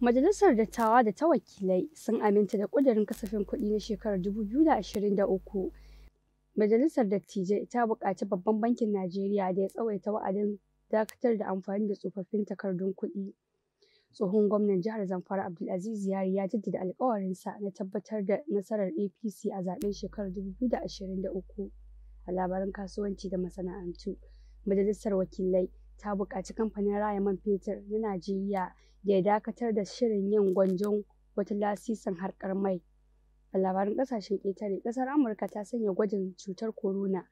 Majalisar Dattawa da ta wakilai sun aminta da ƙudurin kasafin kuɗi na shekarar 2023. Majalisar Dattijai ta buƙaci Babban Bankin Najeriya da ya tsawaita wa'adin dakatar da amfani da tsofaffin takardun kuɗi Tsohon gwamnan jihar Zamfara Abdulaziz Yari ya jaddada alkawarinsa na tabbatar da nasarar APC a zaben shekarar 2023. A labarin kasuwanci da masana'antu, Majalisar Wakilai ta buƙaci kamfanin raya man fetur na Najeriya da ya dakatar da shirin yin gwanjon wata lasisin harkar mai. A labarin ƙasashen ƙetare, ƙasar Amurka ta sanya gwajin cutar corona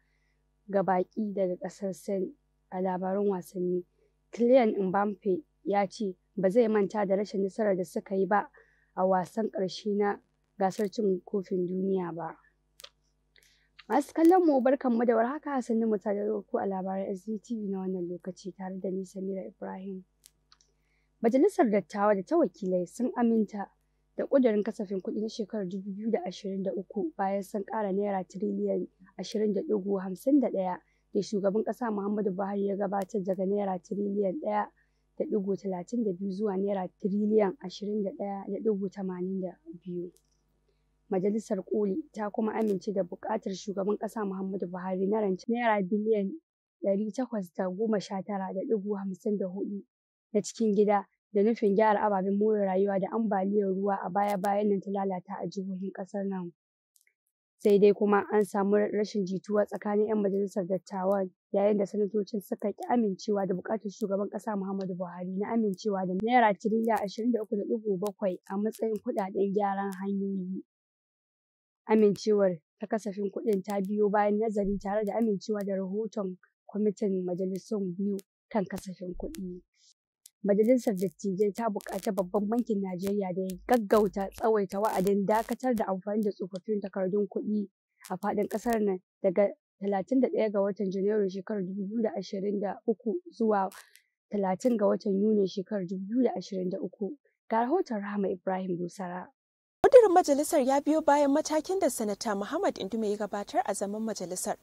ga baƙi daga ƙasar Sin. A labarin wasanni, kilian Mbappe ya ce ba zai manta da rashin nasarar da suka yi ba a wasan ƙarshe na gasar cin kofin duniya ba. Masu kallon mu barkanmu da warhaka sannu mu tare da ku a labaran SDTV na wannan lokaci tare da ni Samira Ibrahim. Majalisar Dattawa da ta wakilai sun aminta da ƙudurin kasafin kuɗi na shekarar 2023 bayan sun ƙara naira tiriliyan 20.51 da shugaban ƙasa Muhammadu Buhari ya gabatar daga naira tiriliyan ɗaya. da ɗigo talatin da biyu zuwa naira tiriliyan ashirin da ɗaya da ɗigo tamanin da biyu. Majalisar Koli ta kuma amince da buƙatar shugaban ƙasa Muhammadu Buhari na rancen naira biliyan ɗari takwas da goma sha tara da ɗigo hamsin da hudu na cikin gida da nufin gyara ababen more rayuwa da ambaliyar ruwa a baya-bayan nan ta lalata a jihohin ƙasar nan. Sai dai kuma an samu rashin jituwa tsakanin 'yan majalisar dattawan yayin da sanatocin suka ki amincewa da buƙatar shugaban ƙasa Muhammadu Buhari na amincewa da naira tiriliyan ashirin da uku da ɗigo bakwai a matsayin kuɗaɗen gyaran hanyoyi. Amincewar ta kasafin kuɗin ta biyo bayan nazari tare da amincewa da rahoton kwamitin majalisun biyu kan kasafin kuɗi. Majalisar Dattijai ta buƙaci Babban Bankin Najeriya da ya gaggauta tsawaita wa'adin dakatar da amfani da tsofaffin takardun kuɗi a faɗin ƙasar nan daga 31 ga watan Janairu shekarar 2023 zuwa 30 ga watan Yuni shekarar 2023. Ga rahoton Rahama Ibrahim Busara. Ƙudurin majalisar ya biyo bayan matakin da Sanata Muhammad Indume ya gabatar a zaman majalisar.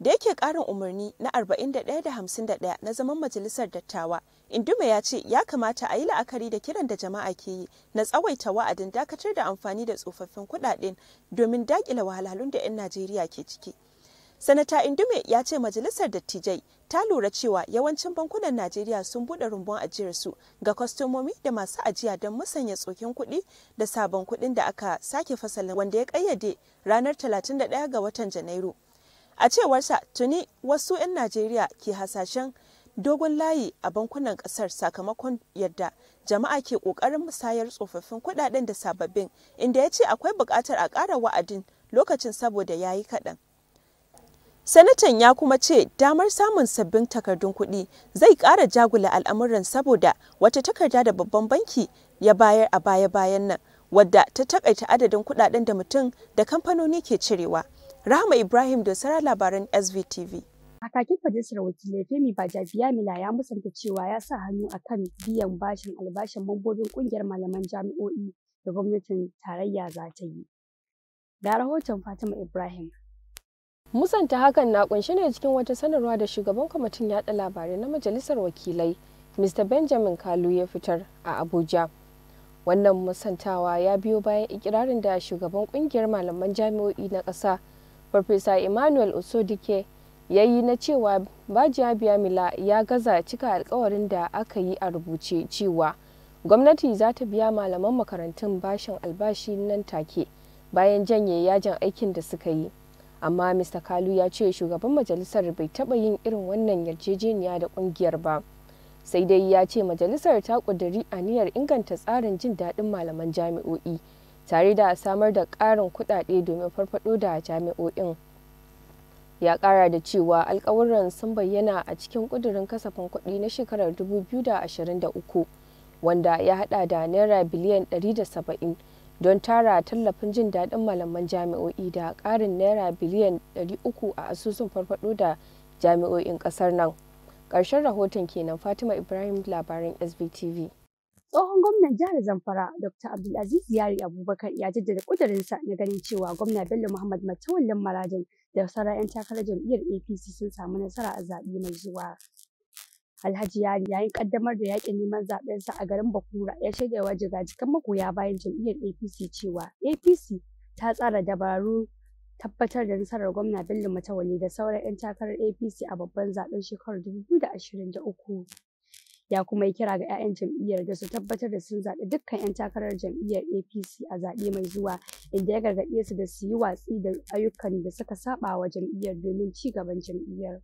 Da yake ƙarin umarni na 41 da 51 na zaman majalisar dattawa, Indume ya ce ya kamata a yi la'akari da kiran da jama'a ke yi na tsawaita wa'adin dakatar da amfani da tsofaffin kuɗaɗen domin daƙile wahalhalun da 'yan Najeriya ke ciki. Sanata Indume ya ce majalisar dattijai ta lura cewa yawancin bankunan Najeriya sun buɗe rumbun ajiyarsu ga kwastomomi da masu ajiya don musanya tsokin kuɗi da sabon kuɗin da aka sake fasalin wanda ya ƙayyade ranar 31 ga watan Janairu. A cewarsa tuni wasu 'yan Najeriya ke hasashen dogon layi a bankunan ƙasar sakamakon yadda jama'a ke ƙoƙarin musayar tsofaffin kuɗaɗen da sababbin inda ya ce akwai bukatar a ƙara wa'adin lokacin saboda ya yi kaɗan. Sanatan ya kuma ce damar samun sabbin takardun kuɗi zai ƙara jagula al'amuran saboda wata takarda da babban banki ya bayar a baya-bayan nan wadda ta takaita adadin kuɗaɗen da mutum da kamfanoni ke cirewa. Rahama Ibrahim da sara labaran SVTV. Kakakin Majalisar Wakilai Femi Bajabiya Mila ya musanta cewa ya sa hannu a kan biyan bashin albashin mambobin ƙungiyar malaman jami'o'i da gwamnatin tarayya za ta yi. da rahoton Fatima Ibrahim musanta hakan na kunshi ne cikin wata sanarwa da shugaban kwamitin yada labarai na majalisar wakilai mr benjamin kalu ya fitar a abuja wannan musantawa ya biyo bayan ikirarin da shugaban kungiyar malaman jami'o'i na ƙasa farfesa emmanuel osodike ya yi na cewa bajiya mila ya gaza cika alkawarin da aka yi a rubuce cewa gwamnati za ta biya malaman makarantun bashin albashi nan take bayan janye yajin aikin da suka yi amma mr kalu ya ce shugaban majalisar bai taɓa yin irin wannan yarjejeniya da ƙungiyar ba sai dai ya ce majalisar ta ƙudiri niyyar inganta tsarin jin daɗin malaman jami'o'i tare da samar da ƙarin kuɗaɗe domin farfaɗo da jami'o'in ya ƙara da cewa alƙawuran sun bayyana a cikin ƙudurin kasafin kuɗi na shekarar 2023 wanda ya haɗa da naira biliyan 170 don tara tallafin jin daɗin malaman jami'o'i da ƙarin naira biliyan 300 a asusun farfado da jami'o'in ƙasar nan ƙarshen rahoton kenan fatima ibrahim Labarin sbtv tsohon gwamnan jihar zamfara dr abdulaziz yari abubakar ya jaddada ƙudurinsa na ganin cewa gwamna bello muhammad matawallin marajin da sauran 'yan takarar jam'iyyar apc sun samu nasara a zaɓe mai zuwa Alhaji Yari yayin kaddamar da yakin neman zaɓensa a garin Bakura ya shaida wa jigajigan magoya bayan jam'iyyar APC cewa APC ta tsara dabaru tabbatar da nasarar gwamna Bello Matawalle da sauran 'yan takarar APC a babban zaɓen shekarar 2023. Ya kuma yi kira ga 'ya'yan jam'iyyar da su tabbatar da sun zaɓi dukkan 'yan takarar jam'iyyar APC a zaɓe mai zuwa inda ya gargaɗe su da su yi watsi da ayyukan da suka saɓa wa jam'iyyar domin ci gaban jam'iyyar.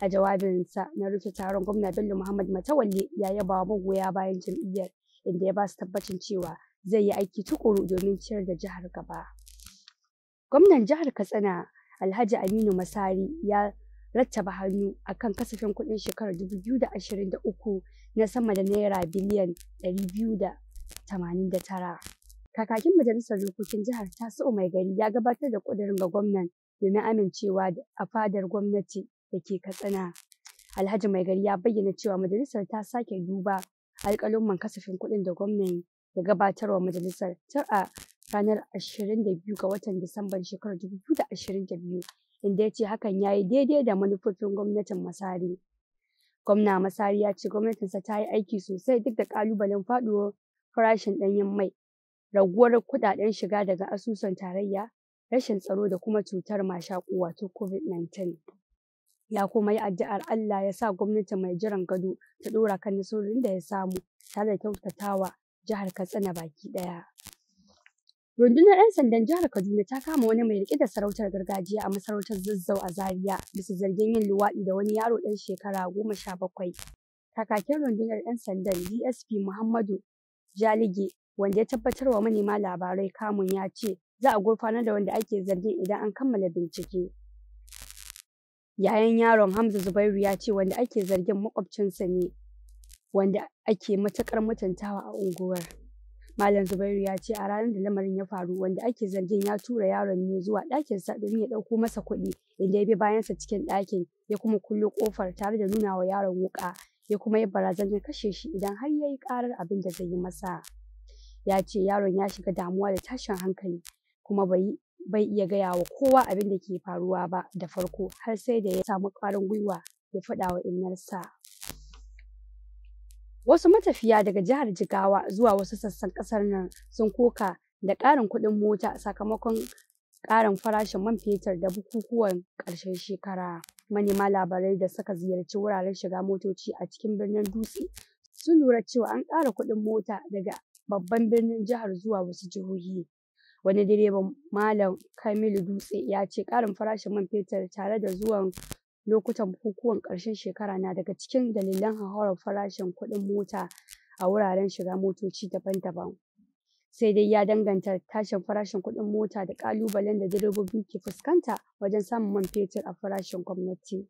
a jawabinsa na rufe taron gwamna bello muhammad matawalle ya yaba magoya bayan jam'iyyar inda ya ba su tabbacin cewa zai yi aiki tukuru domin ciyar da jihar gaba gwamnan jihar katsina alhaji aminu masari ya rattaba hannu akan kasafin kuɗin shekarar 2023 na sama da naira biliyan 289 kakakin majalisar dokokin jihar ta mai gari ya gabatar da ƙudurin ga gwamnan domin amincewa a fadar gwamnati da ke Katsina. Alhaji Mai Gari ya bayyana cewa majalisar ta sake duba alƙalumman kasafin kuɗin da gwamnati ya gabatarwa majalisar tun a ranar 22 ga watan Disamban shekarar 2022 inda ya ce hakan ya yi daidai da manufofin gwamnatin Masari. Gwamna Masari ya ce gwamnatinsa ta yi aiki sosai duk da ƙalubalen faɗuwar farashin ɗanyen mai, raguwar kuɗaɗen shiga daga asusun tarayya, rashin tsaro da kuma cutar mashaƙo wato COVID-19. ya kuma yi addu'ar Allah ya sa gwamnati mai jiran gado ta dora kan nasarorin da ya samu tare da kyautatawa jihar Katsina baki ɗaya. Rundunar 'yan sandan jihar Kaduna ta kama wani mai riƙe da sarautar gargajiya a masarautar Zazzau a Zaria bisa zargin yin luwaɗi da wani yaro ɗan shekara goma sha bakwai. Kakakin rundunar 'yan sandan DSP Muhammadu Jalige wanda ya tabbatar wa manema labarai kamun ya ce za a gurfanar da wanda ake zargin idan an kammala bincike. Yayan yaron Hamza Zubairu ya ce wanda ake zargin makwabcinsa ne wanda ake matuƙar mutuntawa a unguwar. Malam Zubairu ya ce a ranar da lamarin ya faru wanda ake zargin ya tura yaron ne zuwa Ɗakin sa domin ya ɗauko masa kuɗi inda ya bi bayansa cikin ɗakin ya kuma kullo ƙofar tare da nuna wa yaron wuƙa ya kuma yi barazanar kashe shi idan har ya yi ƙarar abin da zai yi masa. Ya ce yaron ya shiga damuwa da tashin hankali kuma bai bai iya gaya wa kowa abin da ke faruwa ba da farko har sai da ya samu ƙwarin gwiwa ya faɗa wa innarsa. Wasu matafiya daga jihar Jigawa zuwa wasu sassan ƙasar nan sun koka da ƙarin kuɗin mota sakamakon ƙarin farashin man fetur da bukukuwan ƙarshen shekara. Manema labarai da suka ziyarci wuraren shiga motoci a cikin birnin Dutse sun lura cewa an ƙara kuɗin mota daga babban birnin jihar zuwa wasu jihohi. wani direban Malam Kamilu Dutse ya ce ƙarin farashin man fetur tare da zuwan lokutan bukukuwan ƙarshen shekara na daga cikin dalilan hauhawar farashin kuɗin mota a wuraren shiga motoci daban-daban. Sai dai ya danganta tashin farashin kuɗin mota da ƙalubalen da direbobi ke fuskanta wajen samun man fetur a farashin gwamnati.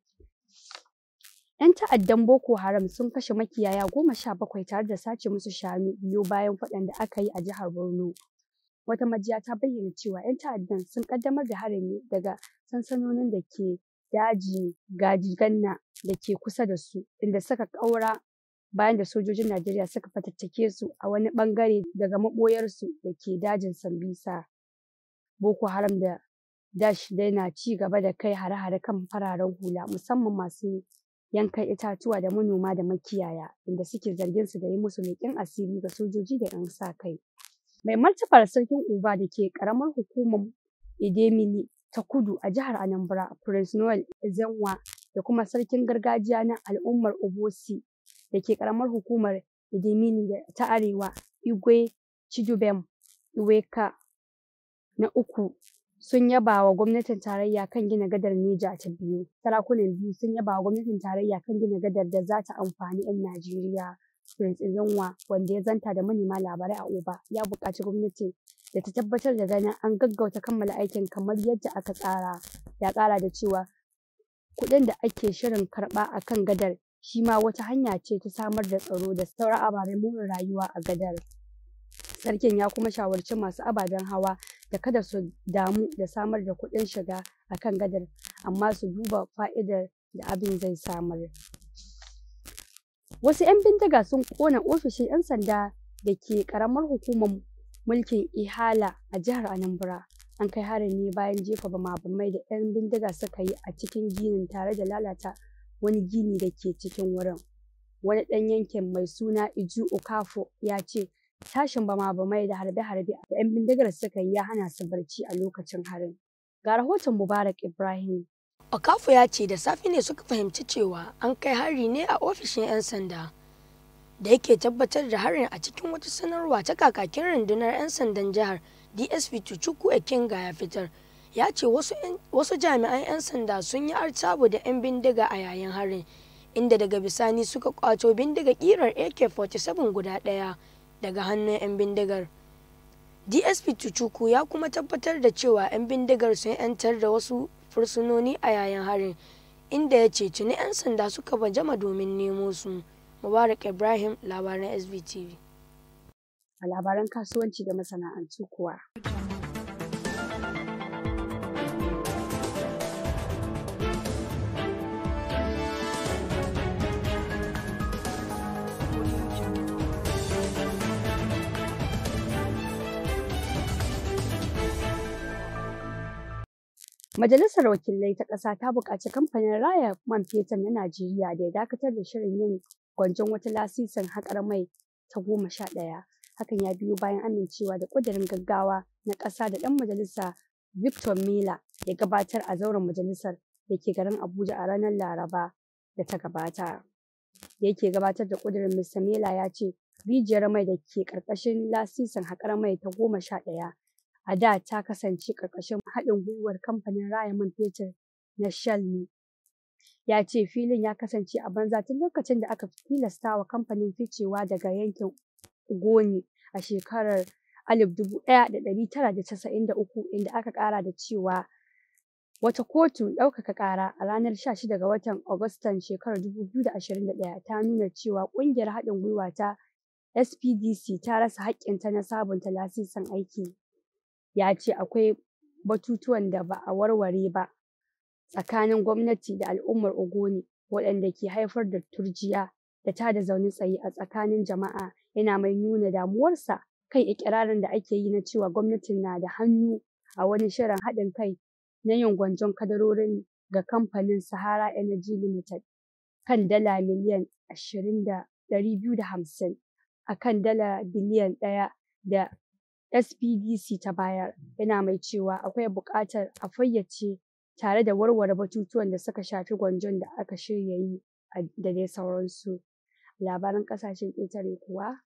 'Yan ta'addan Boko Haram sun kashe makiyaya goma sha bakwai tare da sace musu shanu biyu bayan faɗan da aka yi a jihar Borno. Wata majiya ta bayyana cewa 'yan ta'addan sun ƙaddamar da harin ne daga sansanonin da ke daji ganna da ke kusa da su, inda suka kaura bayan da sojojin Najeriya suka fatattake su a wani bangare daga maɓoyarsu da ke dajin Sambisa. Boko Haram da Dash dai na ci gaba da kai hare-hare kan fararen hula musamman masu yankan itatuwa da manoma da makiyaya, inda suke zargin su da yi musu leƙen asiri ga sojoji da 'yan sa-kai. mai martabar sarkin Uba da ke karamar hukumar Idemili ta kudu a jihar Anambra Prince Noel Ezenwa da kuma sarkin gargajiya na al'ummar Obosi da ke karamar hukumar Idemili ta Arewa Igwe Chidubem Iweka na uku sun yaba wa gwamnatin tarayya kan gina gadar Neja ta biyu. Sarakunan biyu sun yaba wa gwamnatin tarayya kan gina gadar da za ta amfani 'yan Najeriya. yunwa wanda ya zanta da manema labarai a Oba ya buƙaci gwamnati da ta tabbatar da ganin an gaggauta kammala aikin kamar yadda aka tsara ya ƙara da cewa kuɗin da ake shirin karɓa a kan gadar shi ma wata hanya ce ta samar da tsaro da sauran ababen more rayuwa a gadar. Sarkin ya kuma shawarci masu ababen hawa da kada su damu da samar da kuɗin shiga a kan gadar amma su duba fa'idar da abin zai samar. Wasu 'yan bindiga sun ƙona ofishin 'yan sanda da ke ƙaramar hukumar mulkin Ihala a jihar Anambra. An kai harin ne bayan jefa bama-bamai da 'yan bindiga suka yi a cikin ginin tare da lalata wani gini da ke cikin wurin. Wani ɗan yankin mai suna Iju Okafo ya ce tashin bama-bamai da harbe-harbe da 'yan bindigar suka yi ya hana su barci a lokacin harin. Ga rahoton Mubarak Ibrahim Okafu ya ce da safe ne suka fahimci cewa an kai hari ne a ofishin 'yan sanda da yake tabbatar da harin a cikin wata sanarwa ta kakakin rundunar 'yan sandan jihar DSP Chukwuku Ekenga ya fitar. Ya ce wasu jami'an 'yan sanda sun yi artabu da 'yan bindiga a yayin harin inda daga bisani suka kwato bindiga kirar AK-47 guda ɗaya daga hannun 'yan bindigar. DSP Chukwuku ya kuma tabbatar da cewa 'yan bindigar sun 'yantar da wasu fursunoni a yayin harin inda ya ceci tuni 'yan sanda suka bajama domin nemo su mubarak ibrahim labaran sbtv a labaran kasuwanci da masana'antu kuwa Majalisar Wakilai ta ƙasa ta buƙaci kamfanin raya man fetur na Najeriya da ya dakatar da shirin yin gwanjon wata lasisin haƙar mai ta goma sha ɗaya. Hakan ya biyo bayan amincewa da ƙudurin gaggawa na ƙasa da ɗan majalisa Victor Mila ya gabatar a zauren majalisar da ke garin Abuja a ranar Laraba da ta gabata. Da yake gabatar da ƙudurin Mr. Mila ya ce rijiyar mai da ke ƙarƙashin lasisin haƙar mai ta goma sha ɗaya a da ta kasance ƙarƙashin haɗin gwiwar kamfanin raya man fetur na Shell ne. Ya ce filin ya kasance a banza tun lokacin da aka tilasta wa kamfanin ficewa daga yankin Ugoni a shekarar 1993 inda aka ƙara da cewa wata kotu ɗaukaka ƙara a ranar 16 ga watan Agustan shekarar 2021 ta nuna cewa ƙungiyar haɗin gwiwa ta SPDC ta rasa haƙƙinta na sabunta lasisin aiki. ya ce akwai batutuwan da ba a warware ba tsakanin gwamnati da al'ummar Ogoni waɗanda ke haifar da turjiya da ta da zaune tsaye a tsakanin jama'a yana mai nuna damuwarsa kan ikirarin da ake yi na cewa gwamnatin na da hannu a wani shirin haɗin kai na yin gwanjon kadarorin ga kamfanin Sahara Energy Limited kan dala miliyan ashirin da dari biyu da hamsin a kan dala biliyan ɗaya da SPDC ta bayar, yana mai cewa akwai buƙatar a fayyace tare da warware batutuwan da suka shafi gwanjon da aka shirya yi da dai sauransu. Labaran ƙasashen ƙetare kuwa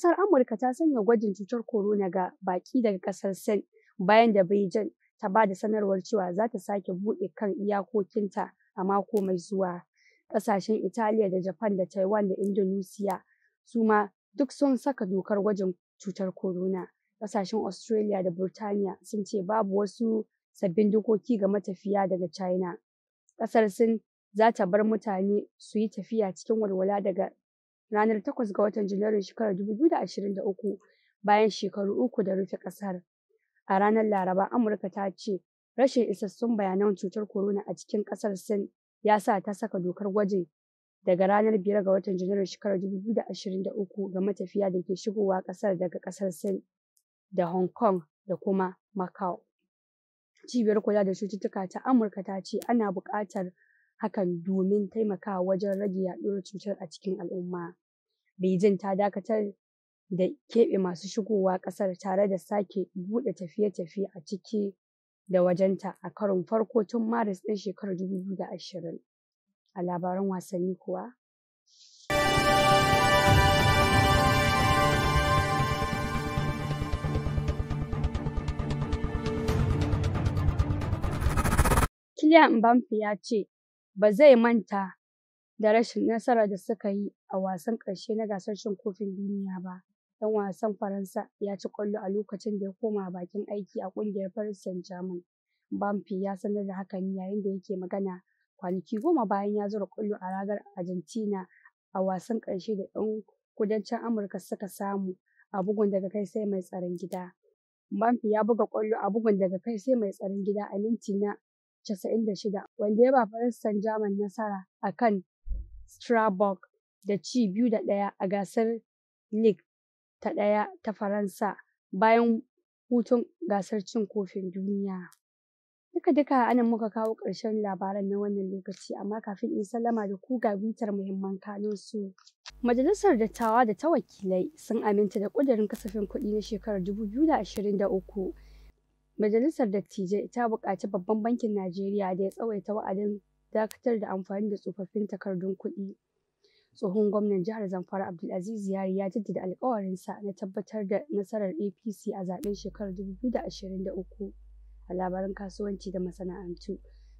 Kasar Amurka ta sanya gwajin cutar corona ga baki daga kasar Sin bayan da Beijing ta ba da sanarwar cewa za ta sake buɗe kan iyakokinta a mako mai zuwa. Ƙasashen Italiya da Japan da Taiwan da Indonesia su ma duk sun saka dokar gwajin cutar corona. Ƙasashen Australia da Burtaniya sun ce babu wasu sabbin dokoki ga matafiya daga China. Ƙasar Sin za ta bar mutane su yi tafiya cikin walwala daga ranar 8 ga watan Janairun shekarar 2023 bayan shekaru uku da rufe kasar. A ranar Laraba, Amurka ta ce rashin isassun bayanan cutar corona a cikin kasar Sin ya sa ta saka dokar gwajin daga ranar biyar ga watan Janairun shekarar 2023 ga matafiya da ke shigowa kasar daga kasar Sin da Hong Kong da kuma Macau. Cibiyar kula da cututtuka ta Amurka ta ce ana buƙatar hakan domin taimakawa wajen rage yaɗuwar cutar a cikin al'umma. Beijing ta dakatar da keɓe masu shigowa ƙasar tare da sake buɗe tafiye-tafiye a ciki da wajenta a karon farko tun Maris ɗin shekarar 2020. A labaran wasanni kuwa, Kylian Mbappe ya ce ba zai manta da rashin nasarar da suka yi a wasan ƙarshe na gasar cin kofin duniya ba. Dan wasan Faransa ya ci ƙwallo a lokacin da ya koma bakin aiki a ƙungiyar Paris Saint-Germain. Bamfi ya sanar da hakan yayin da yake magana kwanaki goma bayan ya zura ƙwallo a ragar Argentina a wasan ƙarshe da 'yan kudancin Amurka suka samu a bugun daga kai sai mai tsaron gida. Bamfi ya buga ƙwallo a bugun daga kai sai mai tsaron gida a minti na 96 wanda ya ba Faransan Jamus nasara a kan Strasbourg da ci biyu da ɗaya a gasar Ligue ta ɗaya ta Faransa bayan hutun gasar cin kofin duniya. Duka duka anan muka kawo ƙarshen labaran na wannan lokaci amma kafin in sallama da ku ga bitar muhimman kanun su. Majalisar Dattawa da ta Wakilai sun aminta da ƙudurin kasafin kuɗi na shekarar 2023 Majalisar Dattijai ta buƙaci Babban Bankin Najeriya da ya tsawaita wa'adin dakatar da amfani da tsofaffin takardun kuɗi. Tsohon gwamnan jihar Zamfara Abdulaziz Yari ya jaddada alkawarinsa na tabbatar da nasarar APC a zaɓen shekarar 2023. A labaran kasuwanci da masana'antu,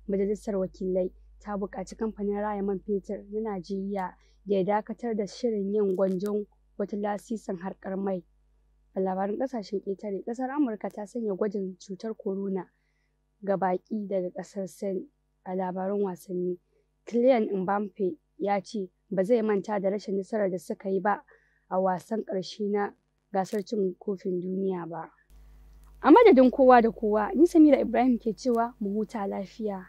Majalisar Wakilai ta buƙaci kamfanin raya man fetur na Najeriya da ya dakatar da shirin yin gwanjon wata lasisin harkar mai A labarin ƙasashen ƙetare, ƙasar Amurka ta sanya gwajin cutar corona ga baƙi daga ƙasar Sin a labarin wasanni. Kylian Mbappe ya ce ba zai manta da rashin nasarar da suka yi ba a wasan ƙarshe na gasar cin kofin duniya ba. A madadin kowa da kowa, ni Samira Ibrahim ke cewa mu huta lafiya.